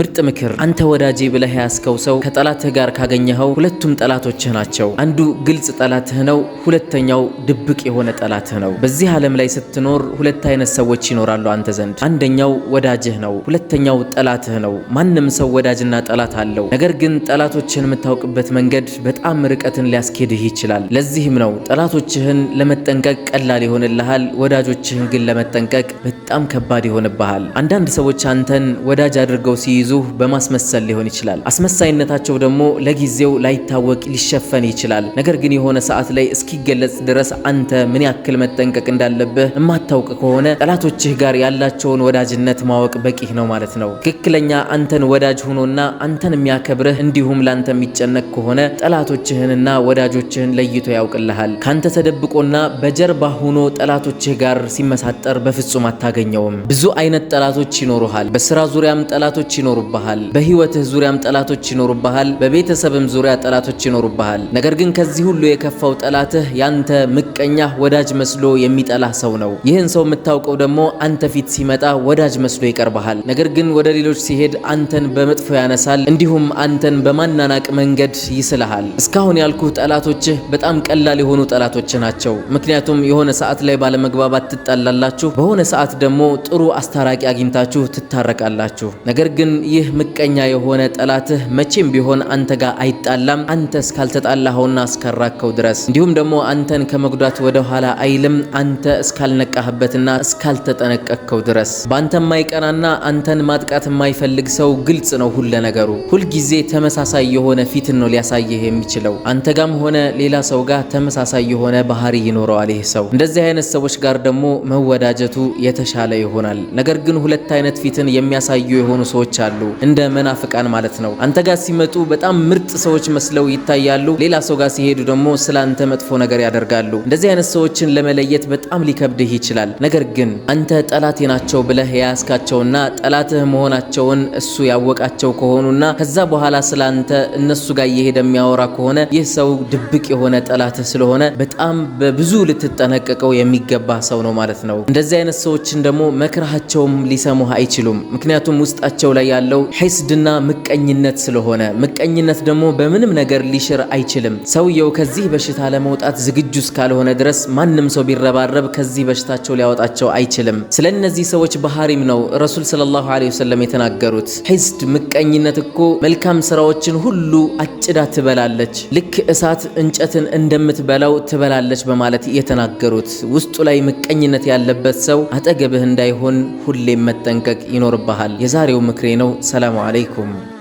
ምርጥ ምክር አንተ ወዳጄ ብለህ ያስከው ሰው ከጠላትህ ጋር ካገኘኸው ሁለቱም ጠላቶችህ ናቸው። አንዱ ግልጽ ጠላትህ ነው፣ ሁለተኛው ድብቅ የሆነ ጠላትህ ነው። በዚህ ዓለም ላይ ስትኖር ሁለት አይነት ሰዎች ይኖራሉ አንተ ዘንድ። አንደኛው ወዳጅህ ነው፣ ሁለተኛው ጠላትህ ነው። ማንም ሰው ወዳጅና ጠላት አለው። ነገር ግን ጠላቶችህን የምታውቅበት መንገድ በጣም ርቀትን ሊያስኬድህ ይችላል። ለዚህም ነው ጠላቶችህን ለመጠንቀቅ ቀላል ይሆንልሃል፣ ወዳጆችህን ግን ለመጠንቀቅ በጣም ከባድ ይሆንብሃል። አንዳንድ ሰዎች አንተን ወዳጅ አድርገው ሲይዙ የሚይዙህ በማስመሰል ሊሆን ይችላል። አስመሳይነታቸው ደግሞ ለጊዜው ላይታወቅ ሊሸፈን ይችላል። ነገር ግን የሆነ ሰዓት ላይ እስኪገለጽ ድረስ አንተ ምን ያክል መጠንቀቅ እንዳለብህ የማታውቅ ከሆነ ጠላቶችህ ጋር ያላቸውን ወዳጅነት ማወቅ በቂህ ነው ማለት ነው። ትክክለኛ አንተን ወዳጅ ሆኖና አንተን የሚያከብርህ እንዲሁም ላንተ የሚጨነቅ ከሆነ ጠላቶችህንና ወዳጆችህን ለይቶ ያውቅልሃል። ካንተ ተደብቆና በጀርባ ሆኖ ጠላቶችህ ጋር ሲመሳጠር በፍጹም አታገኘውም። ብዙ አይነት ጠላቶች ይኖሩሃል። በስራ ዙሪያም ጠላቶች ይኖሩ ይኖሩብሃል። በህይወትህ ዙሪያም ጠላቶች ይኖሩብሃል። በቤተሰብም ዙሪያ ጠላቶች ይኖሩብሃል። ነገር ግን ከዚህ ሁሉ የከፋው ጠላትህ ያንተ ምቀኛ ወዳጅ መስሎ የሚጠላህ ሰው ነው። ይህን ሰው የምታውቀው ደግሞ አንተ ፊት ሲመጣ ወዳጅ መስሎ ይቀርብሃል። ነገር ግን ወደ ሌሎች ሲሄድ አንተን በመጥፎ ያነሳል፣ እንዲሁም አንተን በማናናቅ መንገድ ይስልሃል። እስካሁን ያልኩህ ጠላቶችህ በጣም ቀላል የሆኑ ጠላቶች ናቸው። ምክንያቱም የሆነ ሰዓት ላይ ባለመግባባት ትጣላላችሁ፣ በሆነ ሰዓት ደግሞ ጥሩ አስታራቂ አግኝታችሁ ትታረቃላችሁ። ነገር ግን ግን ይህ ምቀኛ የሆነ ጠላትህ መቼም ቢሆን አንተ ጋር አይጣላም፣ አንተ እስካልተጣላኸውና እስከራከው ድረስ እንዲሁም ደግሞ አንተን ከመጉዳት ወደ ኋላ አይልም፣ አንተ እስካልነቃህበትና እስካልተጠነቀቅከው ድረስ። በአንተ የማይቀናና አንተን ማጥቃት የማይፈልግ ሰው ግልጽ ነው ሁለ ነገሩ። ሁልጊዜ ተመሳሳይ የሆነ ፊትን ነው ሊያሳይህ የሚችለው። አንተ ጋም ሆነ ሌላ ሰው ጋር ተመሳሳይ የሆነ ባህሪ ይኖረዋል ይህ ሰው። እንደዚህ አይነት ሰዎች ጋር ደግሞ መወዳጀቱ የተሻለ ይሆናል። ነገር ግን ሁለት አይነት ፊትን የሚያሳዩ የሆኑ ሰዎች ይመጣሉ፣ እንደ መናፍቃን ማለት ነው። አንተ ጋር ሲመጡ በጣም ምርጥ ሰዎች መስለው ይታያሉ። ሌላ ሰው ጋር ሲሄዱ ደግሞ ስለ አንተ መጥፎ ነገር ያደርጋሉ። እንደዚህ አይነት ሰዎችን ለመለየት በጣም ሊከብድህ ይችላል። ነገር ግን አንተ ጠላቴ ናቸው ብለህ የያዝካቸውና ጠላትህ መሆናቸውን እሱ ያወቃቸው ከሆኑና ከዛ በኋላ ስለ አንተ እነሱ ጋር እየሄደ የሚያወራ ከሆነ ይህ ሰው ድብቅ የሆነ ጠላትህ ስለሆነ በጣም በብዙ ልትጠነቀቀው የሚገባ ሰው ነው ማለት ነው። እንደዚህ አይነት ሰዎችን ደግሞ መክራቸውም ሊሰሙህ አይችሉም። ምክንያቱም ውስጣቸው ላይ ያለው ሒስድና ምቀኝነት ስለሆነ ምቀኝነት ደግሞ በምንም ነገር ሊሽር አይችልም። ሰውየው ከዚህ በሽታ ለመውጣት ዝግጁ እስካልሆነ ድረስ ማንም ሰው ቢረባረብ ከዚህ በሽታቸው ሊያወጣቸው አይችልም። ስለ እነዚህ ሰዎች ባህሪም ነው ረሱል ሰለላሁ ዐለይሂ ወሰለም የተናገሩት። ሒስድ ምቀኝነት እኮ መልካም ስራዎችን ሁሉ አጭዳ ትበላለች፣ ልክ እሳት እንጨትን እንደምትበላው ትበላለች በማለት የተናገሩት። ውስጡ ላይ ምቀኝነት ያለበት ሰው አጠገብህ እንዳይሆን ሁሌም መጠንቀቅ ይኖርብሃል። የዛሬው ምክሬ ነው። السلام عليكم